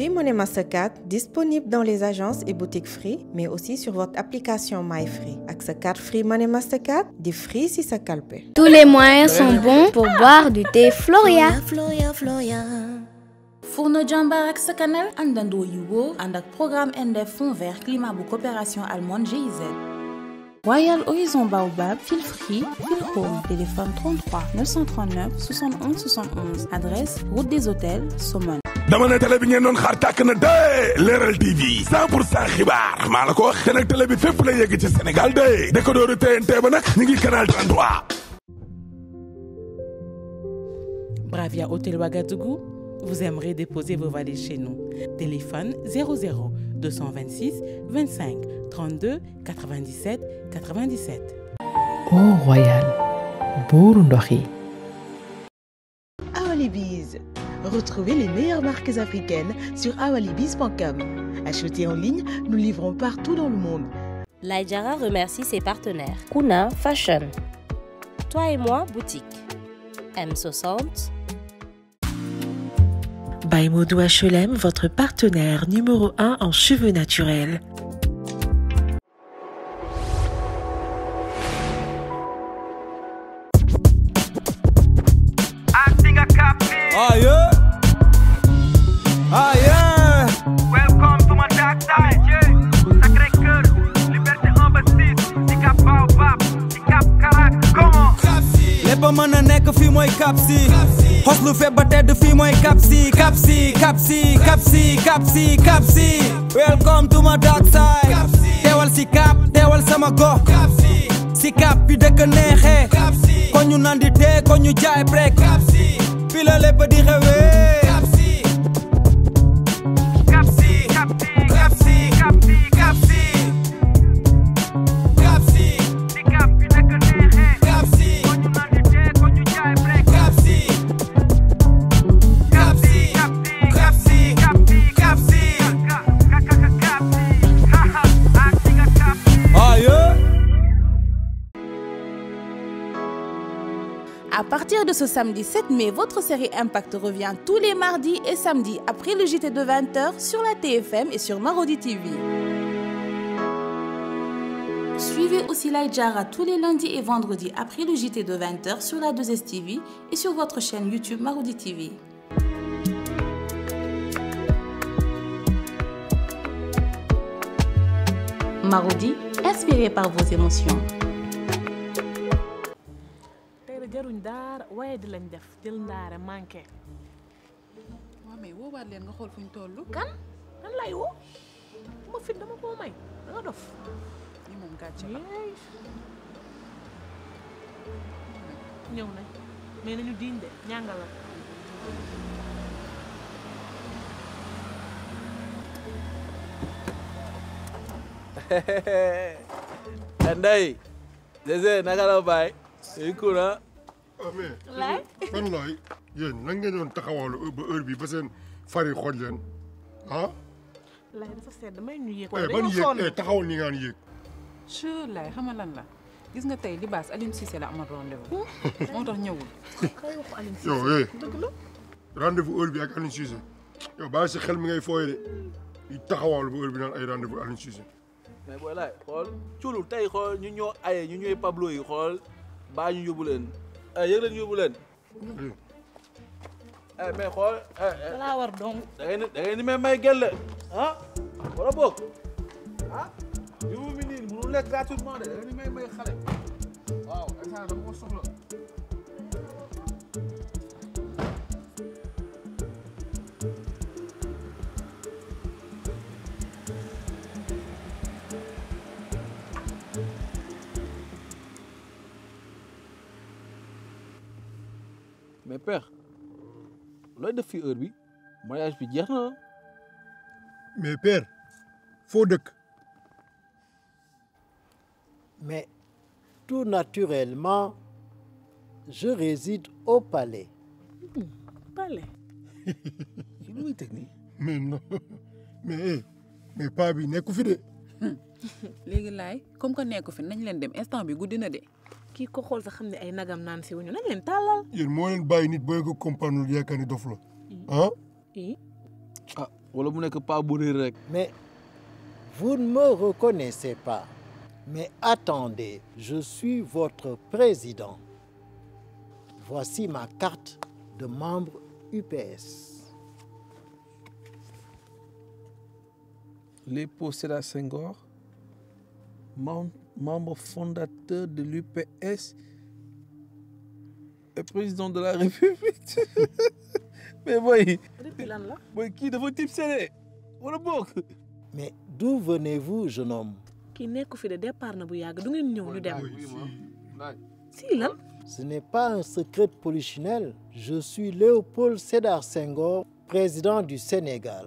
Free Money Mastercard disponible dans les agences et boutiques Free, mais aussi sur votre application MyFree. Avec carte Free Money Mastercard, des Free si ça calpe. Tous les moyens sont bons pour boire du thé Floria. Floria, Floria. fourno fourneau jambar ak canal, programme NDF Fonds vert climat pour coopération allemande GIZ Royal Horizon Baobab, fil free, home. Téléphone 33 939 71 71. Adresse Route des Hôtels, Saumon dama ne télé bi ngeen doon xaar tàkk na de Leral TV 100 pour cent xibaar maa la ko wax te nag télé bi fépp la yegg ci Sénégal de décodeur TNT ba nag ñu ngi canal 33. Bravia Hôtel Ouagadougou vous aimerez déposer vos valises chez nous téléphone 00 226 25 32 97 97. Au Royal buuru Ah, les bises! Retrouvez les meilleures marques africaines sur awalibis.com. Achetez en ligne, nous livrons partout dans le monde. Laïdjara remercie ses partenaires. Kuna Fashion. Toi et moi, boutique. M60. Baimodou HLM, votre partenaire numéro 1 en cheveux naturels. kapsi kapsi kapsi kapsi welcome to my dark teewal si kap teewal sama gox si kap bi dëkk neexee ko nandi te ko jaay brek fi la lépp partir de ce samedi 7 mai, votre série Impact revient tous les mardis et samedis après le JT de 20h sur la TFM et sur Marodi TV. Suivez aussi Jara tous les lundis et vendredis après le JT de 20h sur la 2S TV et sur votre chaîne YouTube Marodi TV. Marodi, inspiré par vos émotions. deruñ daara waaye di lañ def jël ndaare manqué. waaw mais woowaat leen nga xool fu ñu toll. kan kan lay woo ma fit dama koo may da nga dof. ni moom gàcce la ñëw nañ mais nañu diin de ñàngal la. Ndeye. Zézé naka la baay. c'est cool ah? amee laay ban looy yéen nan ngeen doon taxawaalu ba heure bi ba fari xooj leen ah laay dafa sedd may ñu yéeg eh, ban yéeg eh, taxawal ni ngaan yéeg sur lai, xama lan la gis nga tay libas Alioune Cissé la amal rendez-vous moo tax Cissé. yow eh rendez-vous heure bi ak Alioune Cissé yow bàyyi si xel mi ngay fooye de di taxawaalu ba heure bi nan ay rendez-vous Alioune Cissé mais boy lai, xol, culul tay xol ñu ñoo ayé ñu ñoy Pablo yi xol. Ba ñu yobulen Eh, yëg leen yóbbu leen. Hmm. Eh, mais xool. balaa eh, war dong. da ngay ni da ngay ni may may gelle ah wala boog ah jiwu mi nii mënul lekk gratuitement de da ngay ni may may xale waaw instant dama ko soxla. mais père looy de fi heure bi mariage bi dire non? mais père foo de. mais tout naturellement je réside au palais palais muy teg nii mais non eh, mais mais pas bien, nekku fi de léegi laay comme que nekku fi nañ leen dem instant bi guddi na ki ko xool sax xam ay nagam nan si wuñu nañ leen talal yeen mo len bàyyi nit boy ko comprendre yakani yaakaar ni dof la ah. ah wala mu nek pa bu réer rek. mais vous ne me reconnaissez pas mais attendez je suis votre président voici ma carte de membre UPS. Léopold Sédar Senghor, membre membre fondateur de l'UPS et président de la République. mais oui. Mais qui de vos types c'est Mais d'où venez-vous, jeune homme Qui Ce n'est pas un secret polichinelle. Je suis Léopold Sédar Senghor, président du Sénégal.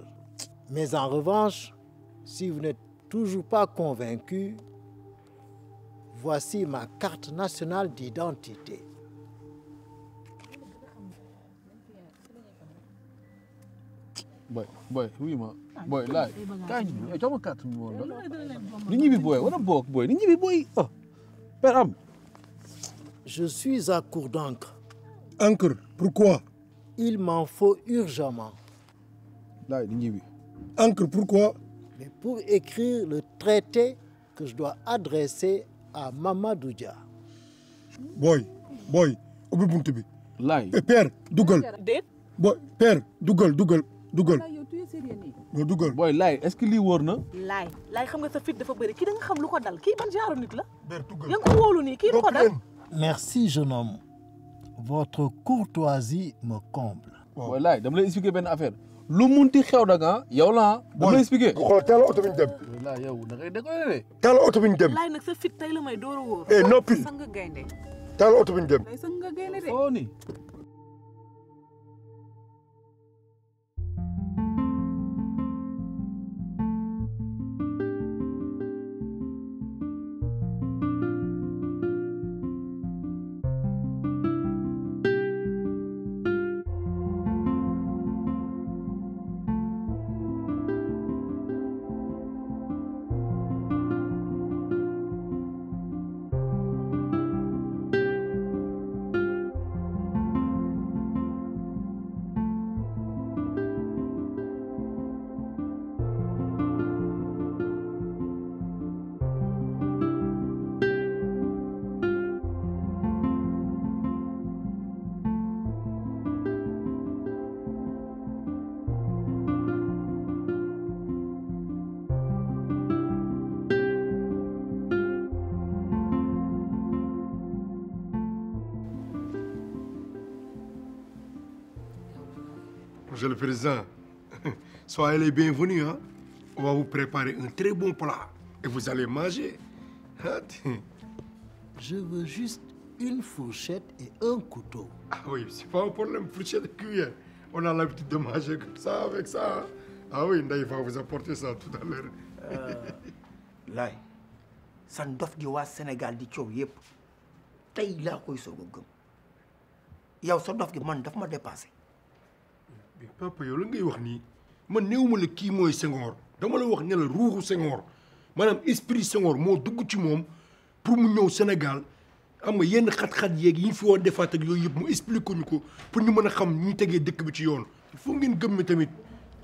Mais en revanche, si vous n'êtes toujours pas convaincu, voici ma carte nationale d'identité. je suis à court d'encre encre pourquoi il m'en faut urgemment encre pourquoi mais pour écrire le traité que je dois adresser à Mamadou Dia. booy booy ubbi bunt bi. Eh, père dougal. déet Boy, père dougal, dougal, dougal. yow dugal. booy laay est-ce que lii wóor na. laay laay xam nga sa fit dafa bëri kii da nga xam lu ko dal kii ban genre nit la. yaa ngi ko wóolu nii kii lu ko dal. merci jeune homme votre courtoisie me comble. booy laay dama lay expliquer benn affaire. lu munti xew da nga yow la bu ma expliqué. xool teel a oto bi ñu yow da ngay déggoo teel a oto bi ñu dem. laay nag sa fit tey la may door a wóor. eh noppi sang gaynde. teel a oto bi ñu dem. le Président, soyez les bienvenus. Hein? On va vous préparer un très bon plat et vous allez manger. Hein? Je veux juste une fourchette et un couteau. Ah oui, c'est pas un problème, fourchette et cuillère. On a l'habitude de manger comme ça, avec ça. Hein. Ah oui, Ndaï va vous apporter ça tout à l'heure. Euh, là, ça ne doit pas Sénégal di ciow yépp. Tay la koy sogo gëm. Yow sa dof au man ma mais papa yow la ngay wax nii man néewuma la kii mooy Senghor dama la wax ne la ruuxu Senghor maanaam esprit Senghor moo dugg ci moom pour mu ñëw Sénégal am nga yenn xat-xat yeeg yi ñu fi war defaat ak yooyu yëpp mu expliqué ko ñu ko pour ñu mën a xam ñu tegee dëkk bi ci yoon. foo ngeen gëm mi tamit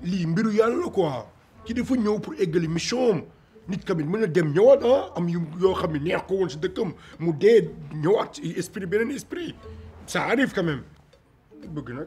lii mbiru yàlla la quoi ci dafa ñëw pour eggali mission am nit kamit mën a dem ñëwaat ah am yu yoo xam ne neex ko woon si dëkkam mu dee ñëwaat ci esprit beneen esprit ça arrive quand bëgg nag.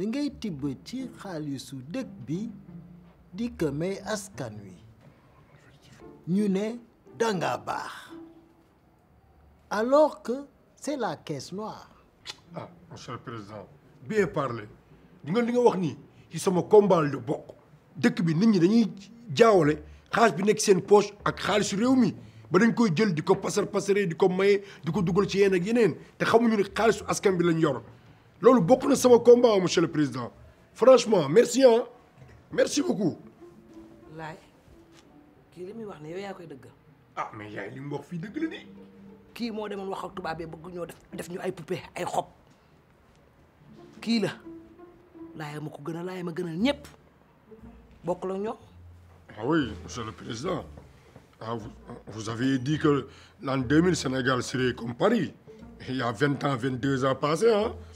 da ngay tibb ci xaalisu dëkk bi di ko askan wi ñu ne danga baax alors que c'est la caisse noire. ah monsieur le président bien parlé di nga li nga wax ni ci sama combat lu bokk dëkk bi nit ñi dañuy jaawale xaalis bi nekk seen poche ak xaalisu réew mi ba dañ koy jël di ko pasar pasaree di ko maye di ko dugal ci yeneen ak yeneen te xamuñu ni xaalisu askan bi lañ yor. C'est bokk na sama combat monsieur le président franchement merci hein, merci beaucoup. lay ki limi wax ne yow koy ah mais yaay li mu wax fii dëgg la qui kii moo demoon wax ak tubaab yi bëgg ñoo def def ñu ay poupée ay xop ki la lay ma ko gëna lay ma gënal ñëpp la ah oui monsieur le président ah vous vous avez dit que l'an 2000 Sénégal serait comme Paris il y a 20 ans 22 ans passés hein.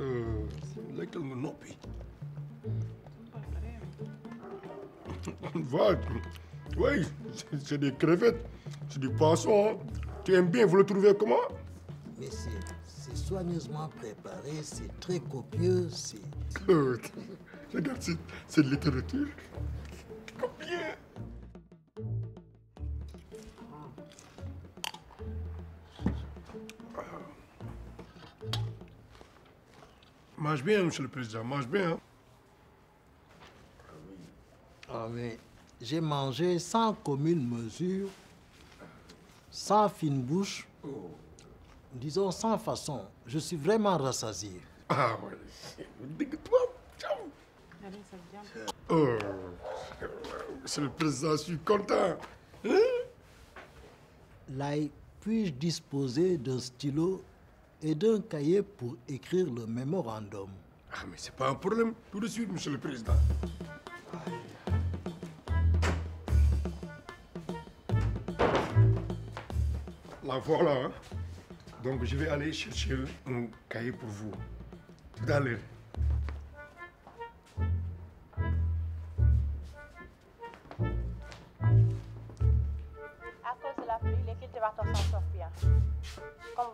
Euh, c'est des crevettes c'est du poisson hein. tu aimes bien vous le trouvez comment. mais c'est soigneusement préparé c'est très copieux c'est. c'est littérature. Mange bien, Monsieur le Président, mange bien. Ah j'ai mangé sans commune mesure, sans fine bouche, disons sans façon. Je suis vraiment rassasié. Ah oui, Oh, le Président, je suis content. Lail, puis-je disposer d'un stylo et d'un cahier pour écrire le mémorandum. Ah, mais c'est pas un problème. Tout de suite, monsieur le président. La voilà. Hein. Donc, je vais aller chercher un cahier pour vous. Tout à l'heure.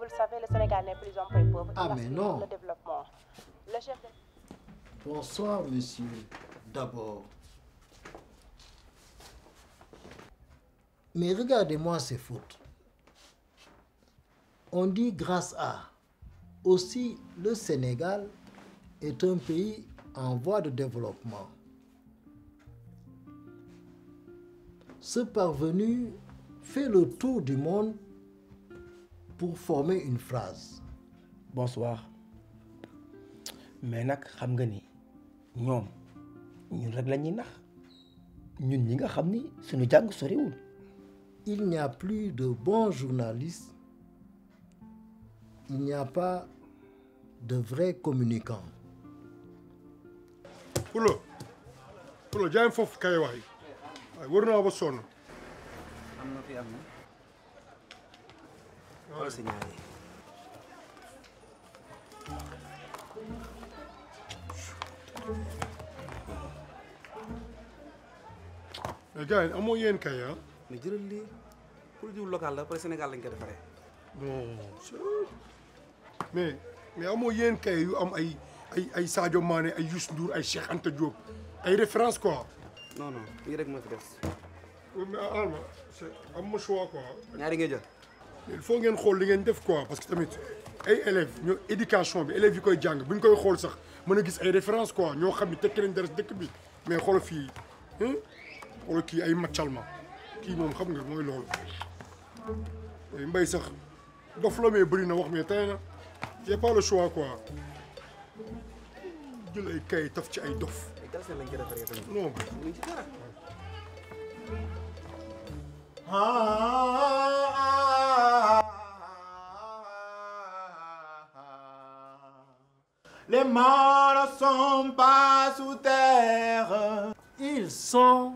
le savez, le Sénégal n'est plus un pays pauvre. Ah, mais non. Le développement. Le chef de... Bonsoir, monsieur. D'abord. Mais regardez-moi ces fautes. On dit grâce à. Aussi, le Sénégal est un pays en voie de développement. Ce parvenu fait le tour du monde pour former une phrase. bonsoir mais tu xam nga ni ñoom ñun rek la ñuy nax ñun ñi nga il n'y a plus de bons journalistes il n'y a pas de vrais communicants. Pulo Pulo jaay foofu kay waay waaye war naa son. am na fi am Vamos a señalar. mais gars yi amoo yéen kay ah. mais jëlal lii produit local la après Sénégal lañ ko defaree. non mais mais amoo yéen kay yu am ay ay ay Sadio Mané ay Youssou Ndour ay Cheikh Anta Diop ay référence quoi. non non lii rek moo fi des. mais alma ah, ah, c'est am ma choix quoi. ñaari ngay jël. il faut ngeen xool li ngeen def quoi parce que tamit ay élève ñu éducation bi élève yi koy jàng bu ñu koy xool sax mën a gis ay références quoi ñoo xam ne tekki nañ dara dëkk bi mais xoolal fii xoolal kii ay match allemand kii moom xam nga mooy loolu. mbay sax dof la mais bëri na wax mais tey na y' a pas le choix quoi jël ay kay taf ci ay dof. non. Les morts ne sont pas sous terre. Ils sont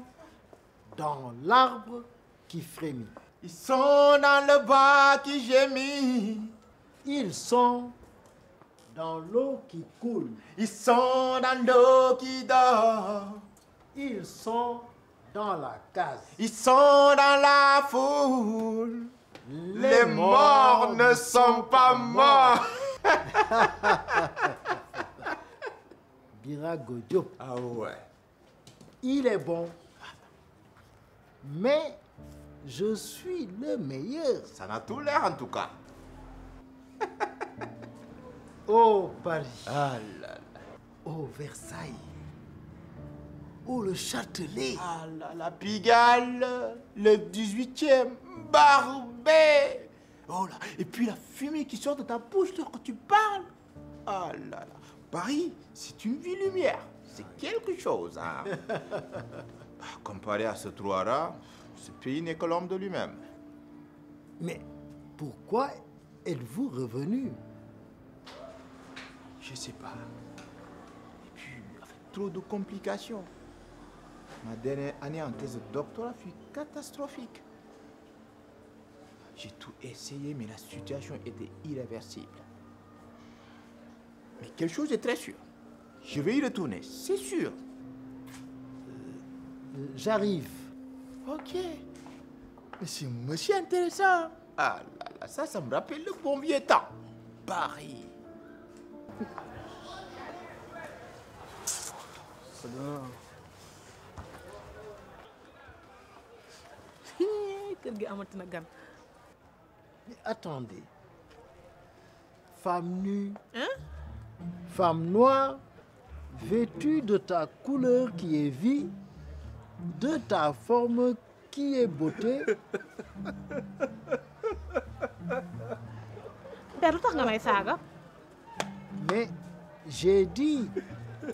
dans l'arbre qui frémit. Ils sont dans le bas qui gémit. Ils sont dans l'eau qui coule. Ils sont dans l'eau qui dort. Ils sont dans la case. Ils sont dans la foule. Les, morts, ne sont pas morts. Bira Godio. Ah ouais. Il est bon. Mais je suis le meilleur. Ça n'a tout l'air en tout cas. oh Paris. Ah oh Versailles. Oh, le Châtelet ah la Pigalle, le 18e, barbé! Oh là, et puis la fumée qui sort de ta bouche quand tu parles ah là Paris, c'est une vie lumière, c'est quelque chose, hein. bah, Comparé à ce là ce pays n'est que l'homme de lui-même. Mais pourquoi êtes-vous revenu Je sais pas. Et puis, avec trop de complications. Ma dernière année en thèse de doctorat fut catastrophique. J'ai tout essayé, mais la situation était irréversible. Mais quelque chose est très sûr. Je vais y retourner, c'est sûr. Euh, j'arrive. Ok. Mais c'est monsieur intéressant. Ah là là, ça, ça me rappelle le bon vieux temps. Paris. kër gi amati na gan. mais attendez femme nue. Hein? femme noire vêtue de ta couleur qui est vie de ta forme qui est beauté. père lu tax nga mais j'ai dit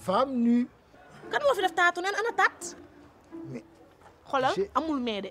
femme nue. kan moo fi def taatu neen ana tat. mais xoolal amul mais de.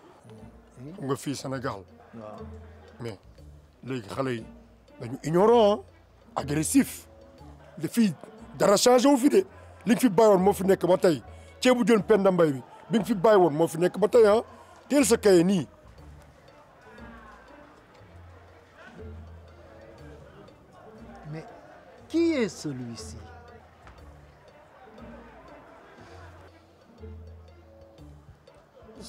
xam nga fi Sénégal. mais les xale yi dañu ignorant agressif. le fii dara changé wu fi de li fi bàyyi mo fi nek ba ci bu jën Penda Mbaye bi bi nga fi bàyyi mo fi nek ba tay hein ah. teel sa kaye ni mais qui est celui-ci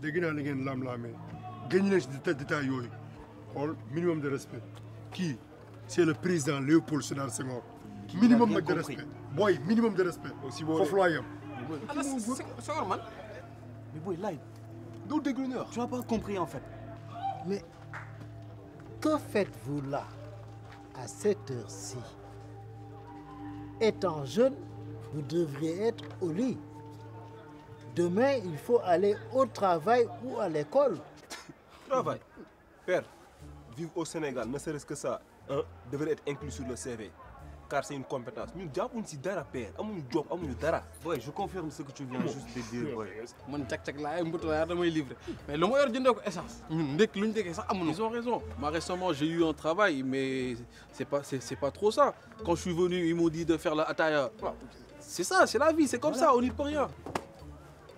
de naa ni ngeen l'âme. laamee génn leen détails détail yooyu minimum de respect Qui c'est le président Léopold Sédar Senghor. minimum de respect Boy oh, minimum de respect. aussi boo foofu laa ah, Senghor man. mais boy laaj. là, déglu ñu tu n'as pas compris en fait. mais que faites-vous là à cette heure-ci étant jeune vous devriez être au lit. Demain, il faut aller au travail ou à l'école. Travail Père, vivre au Sénégal, ne serait-ce que ça, hein, devrait être inclus sur le CV. Car c'est une compétence. Nous avons une dara, père. un job, nous dara. Oui, je confirme ce que tu viens juste de dire. Boy. Mon tchac tchac là, un bout dans livré. Mais le meilleur d'une essence. Ils ont raison. récemment, j'ai eu un travail, mais c'est pas, pas trop ça. Quand je suis venu, ils m'ont dit de faire la ataya. C'est ça, c'est la vie, c'est comme ça, on n'y peut rien.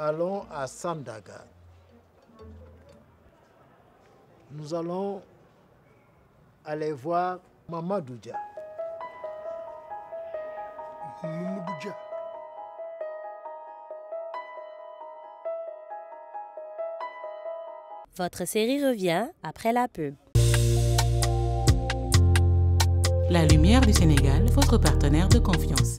allons à Sandaga. Nous allons aller voir Mamadou Votre série revient après la pub. La lumière du Sénégal, votre partenaire de confiance.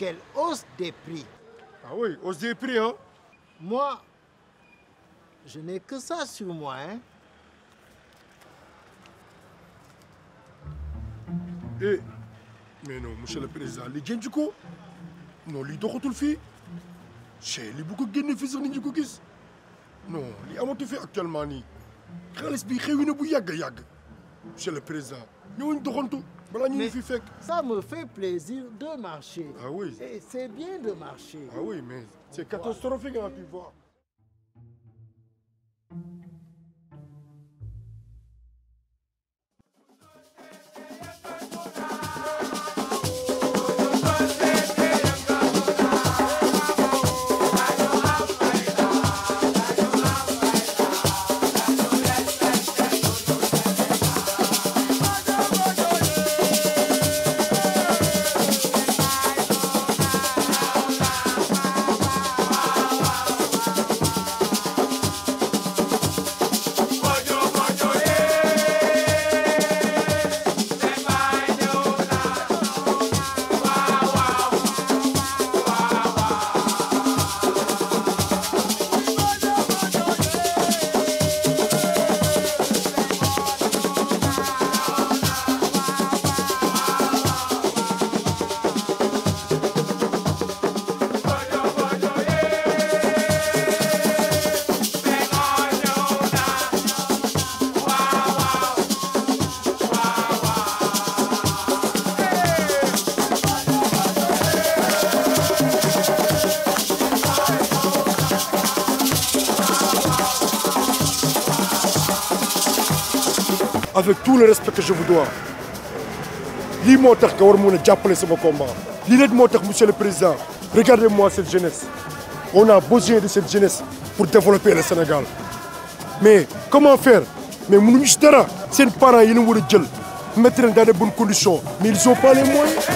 quelle hausse des prix. Ah oui, hausse des prix, hein Moi, je n'ai que ça sur moi, hein Eh, mais non, monsieur le président, les gens du coup, non, les deux tout le C'est les beaucoup de gens du coup Non, les amateurs fait actuellement ni. Quand l'esprit réunit, il Yag Yag, Monsieur le président, nous on tout ça me fait plaisir de marcher. Ah oui. C'est bien de marcher. Ah oui, mais c'est catastrophique à voir. avec tout le respect que je vous dois Li moo tax war sama combat Li monsieur le président regardez-moi cette jeunesse on a besoin de cette jeunesse pour développer le Sénégal mais comment faire mais mënuñu si dara parents yi nous war a mettre dans de bonnes conditions mais ils ont pas les moyens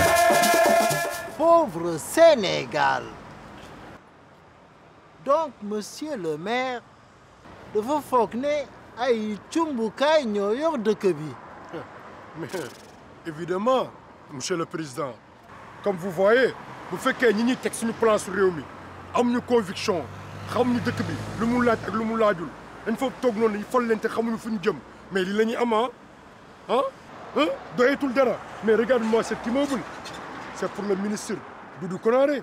pauvre Sénégal donc monsieur le maire vous foog ay cumbukaay ñoo yor dëkk mais évidemment monsieur le président comme vous voyez vous faites ñi ñuy teg suñu plan su réew mi conviction xamuñu dëkk bi lu mu laaj ak lu mu laajul dañ fa toog noonu dañu fal leen te jëm mais li la ñuy ah? Ah? Hein? dara mais regarde-moi cet immeuble c'est pour le ministre Doudou Konaré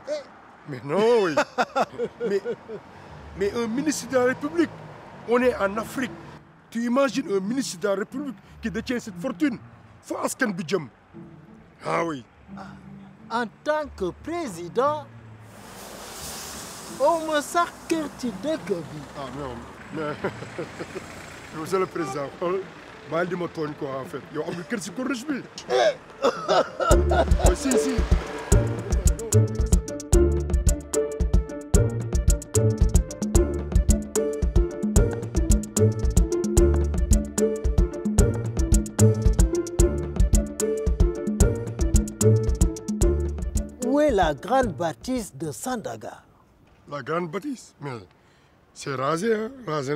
mais non oui mais mais un ministre de la République on est en Afrique tu imagines un ministre de la République qui détient cette fortune faut askan ah oui ah, en tant que président on me sax kër vie. ah non mais monsieur le président je vais di ma quoi en fait eh! ah, si si la grande bâtisse de Sandaga. La grande bâtisse Mais c'est rasé, hein Rasé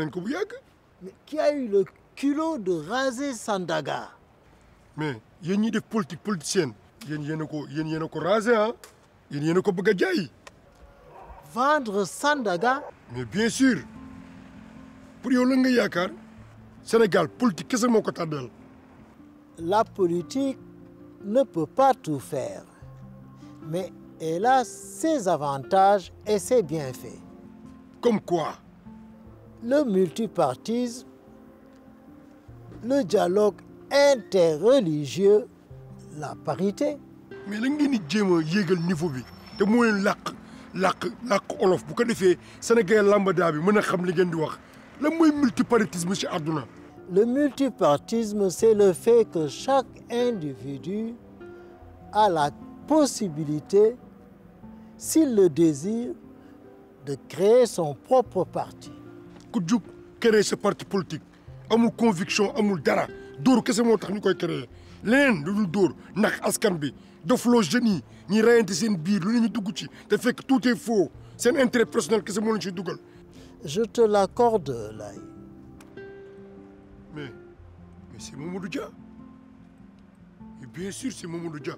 Mais qui a eu le culot de raser Sandaga Mais il y a des politiques politiciennes. Il y a des rasé, hein Il y a des Vendre Sandaga Mais bien sûr Pour y aller, nga Sénégal politique qu'est-ce que ko La politique ne peut pas tout faire. Mais elle a ses avantages et ses bienfaits. Comme quoi Le multipartisme, le dialogue interreligieux, la parité. Mais la ngeen di niveau bi te mu leen làkk làkk làkk bu ko defee Sénégal lambada bi xam li di multipartisme ci Le multipartisme, c'est le fait que chaque individu a la possibilité s'il le désire, de créer son propre parti. ku créer ce parti politique amul conviction amul dara dóor kese moo a créé. koy créer nous lu dul dóor Il askan bi def loo jeunes ni rien rayante seen biir lu ne ñu dugg ci te que tout est faux un intérêt personnel que moo leen ciy dugal. je te l'accorde Laye. mais mais c'est Mamadou Et bien sûr c'est Mamadou Dia.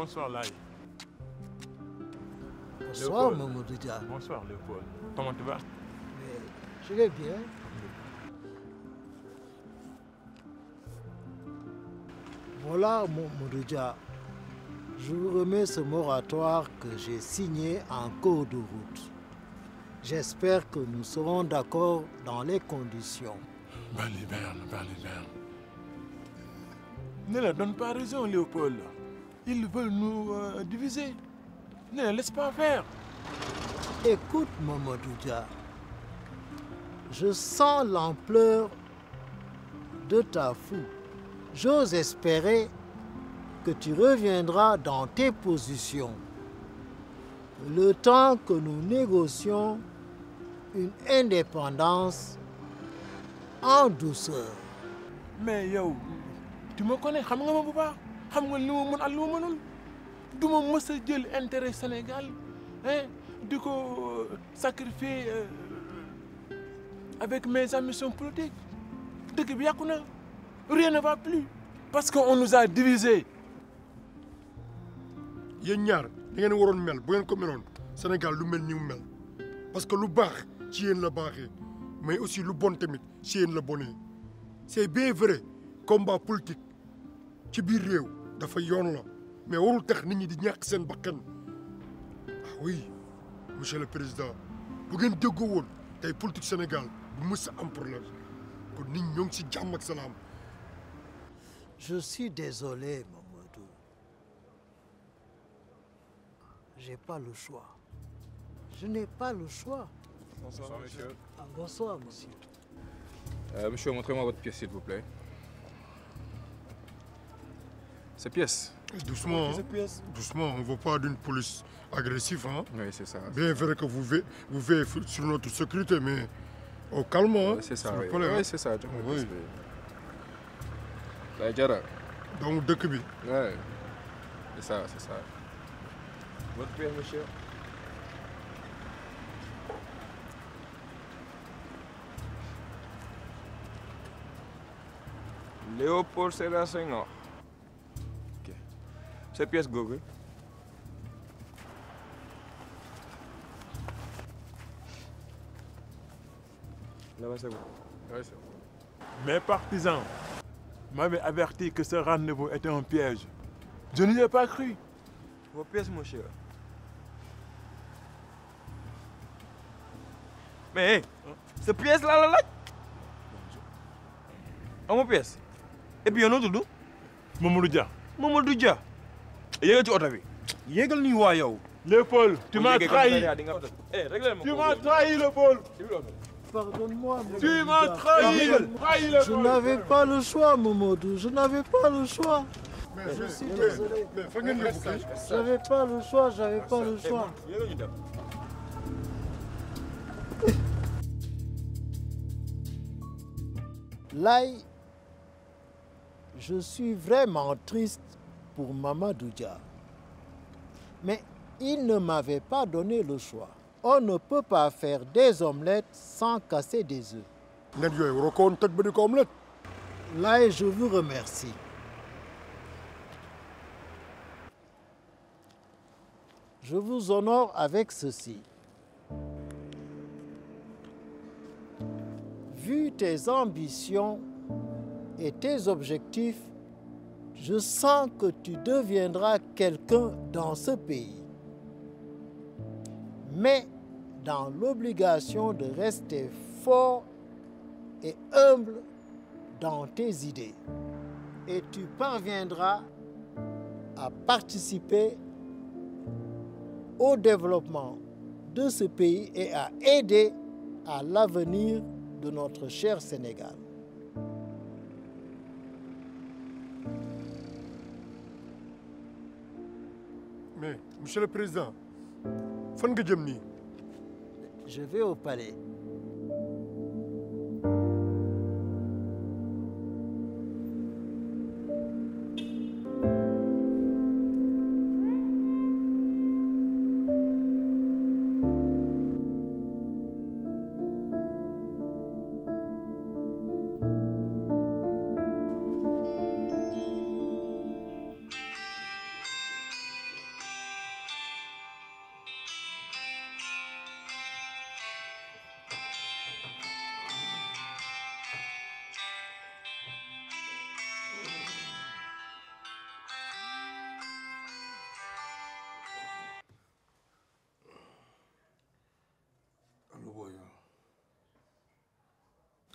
Bonsoir, Lai. Bonsoir, Mamoudoudia. Bonsoir, Léopold. Comment tu vas Je vais bien. Voilà, Mamoudoudia. Je vous remets ce moratoire que j'ai signé en cours de route. J'espère que nous serons d'accord dans les conditions. Baliberne, Baliberne. Ne la donne pas raison, Léopold. Ils veulent nous euh, diviser. Ne laisse pas faire. Écoute, Mamadouja. Je sens l'ampleur de ta foule. J'ose espérer que tu reviendras dans tes positions. Le temps que nous négocions une indépendance en douceur. Mais yo, tu me connais, xam nga li ma mën ak li ma mënul du ma a jël intérêt Sénégal hein di ko euh, sacrifier euh, avec mes ambitions politiques dëkk bi yàqu na rien ne va plus. parce que on nous a divisé. yéen ñaar da ngeen waroon mel bu ngeen ko meloon Sénégal lu mel ni mu mel parce que lu baax ci yéen la baaxee mais aussi lu bon tamit ci yéen la bonee c'est bien vrai combat politique ci biir réew dafa yoon la mais warul tax nit ñi di ñàkk seen bakkan ah oui monsieur le président bu ngeen déggoo woon tey politique Sénégal bu mës a am problème kon nit ñoo ngi ci jàmm ak salaam. je suis désolé Mamadou j'ai pas le choix je n'ai pas le choix. bonsoir monsieur. Ah, bonsoir monsieur. Euh, monsieur montrez-moi votre pièce s'il vous plaît. Ces pièces. Doucement, hein. doucement, on ne veut pas d'une police agressive. Hein. Oui, c'est ça. Bien vrai que vous veillez, sur notre sécurité, mais au calme. Hein, c'est ça, oui. oui c'est ça. Oui. Bah, Donc, deux cubes. Oui, c'est ça, c'est ça. Votre père, monsieur Léopold la seigneur c'est pièce googu là-bas c'est bon. Mes partisans m'avaient averti que ce rendez-vous était un piège. Je n'y ai pas cru. Vos pièces, mon cher. Mais, hey, hein? ce pièce-là, là, là. Ah, mon pièce. Et puis, il un autre. Mamoudou Dia. Mamoudou Dia ci yow. le Paul tu eh, m'as trahi tu m'as trahi le Paul. Pardonne-moi, Tu m'as trahi Je n'avais pas le choix, Momodou. Je n'avais pas le choix. Mais je suis désolé. Je n'avais pas le choix, j'avais pas le choix. Eh, Là, je suis vraiment triste pour Maman Mais il ne m'avait pas donné le choix. On ne peut pas faire des omelettes sans casser des œufs. Là, je vous remercie. Je vous honore avec ceci. Vu tes ambitions et tes objectifs, je sens que tu deviendras quelqu'un dans ce pays. Mais dans l'obligation de rester fort et humble dans tes idées. Et tu parviendras à participer au développement de ce pays et à aider à l'avenir de notre cher Sénégal. Mais, monsieur le président, Je vais au palais.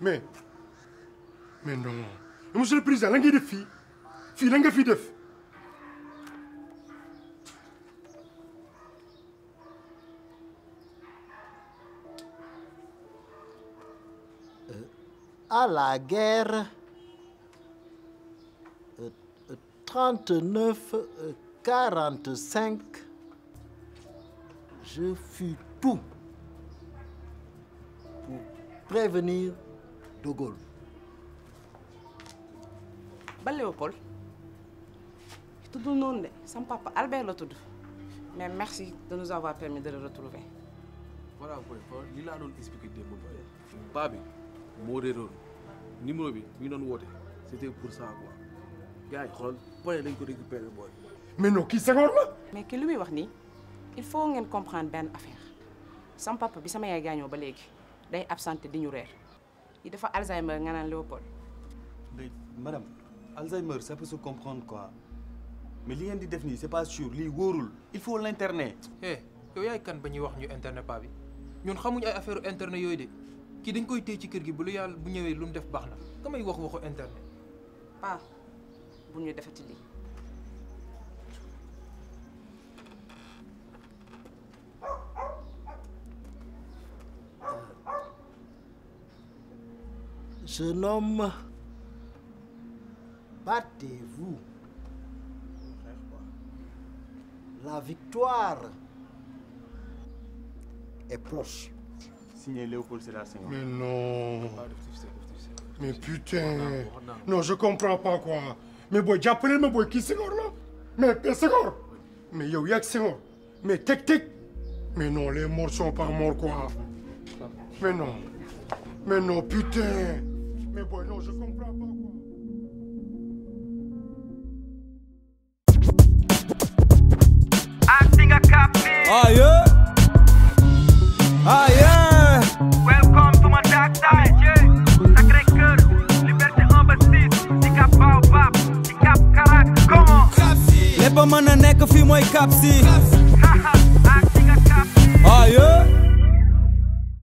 mais mais non. monsieur le président la ngay def fii fii que nga fi def euh, à la guerre 39 euh, 45 euh, je fus tout pour prévenir de Gaulle. ba Léopold tuddul noonu de sam papa Albert la tudd mais merci de nous avoir permis de le retrouver voilà boy il a laa doon expliqué des ba bi moo réeroon numéro bi ñu doon c'était pour ça quoi gars yi xool pare dañ ko récupérer booy mais non qui c'est normal? mais ki lui, muy wax nii il faut ngeen comprendre bien affaire sam papa bi sama yaay gaañoo ba léegi day absenté di ñu yi dafa Alzheimer nga naan Léopold. mais madame Alzheimer ça peut se comprendre quoi mais li ngeen di def nii c'est pas sûr lii wóorul il faut l'internet. eh yow yaay kan ba ñuy wax ñu internet pa bi ñun xamuñ ay affaire internet yooyu de kii dañ koy téye ci kër gi bu lu yàlla bu ñëwee lu mu def baax na kamay wax waxu internet. pa bu ñu defati lii. Ce homme, battez-vous. La victoire est proche. Signez Léopold Sédar Mais non. Ah, mais putain. Ah, non, je comprends pas quoi. Mais boy, j'appelle mais boy qui c'est, là Mais Senghor Mais yo, y'a que Mais tic tic. Mais non, les morts sont pas morts quoi. Ah. Mais non. Mais non, putain. Pepsi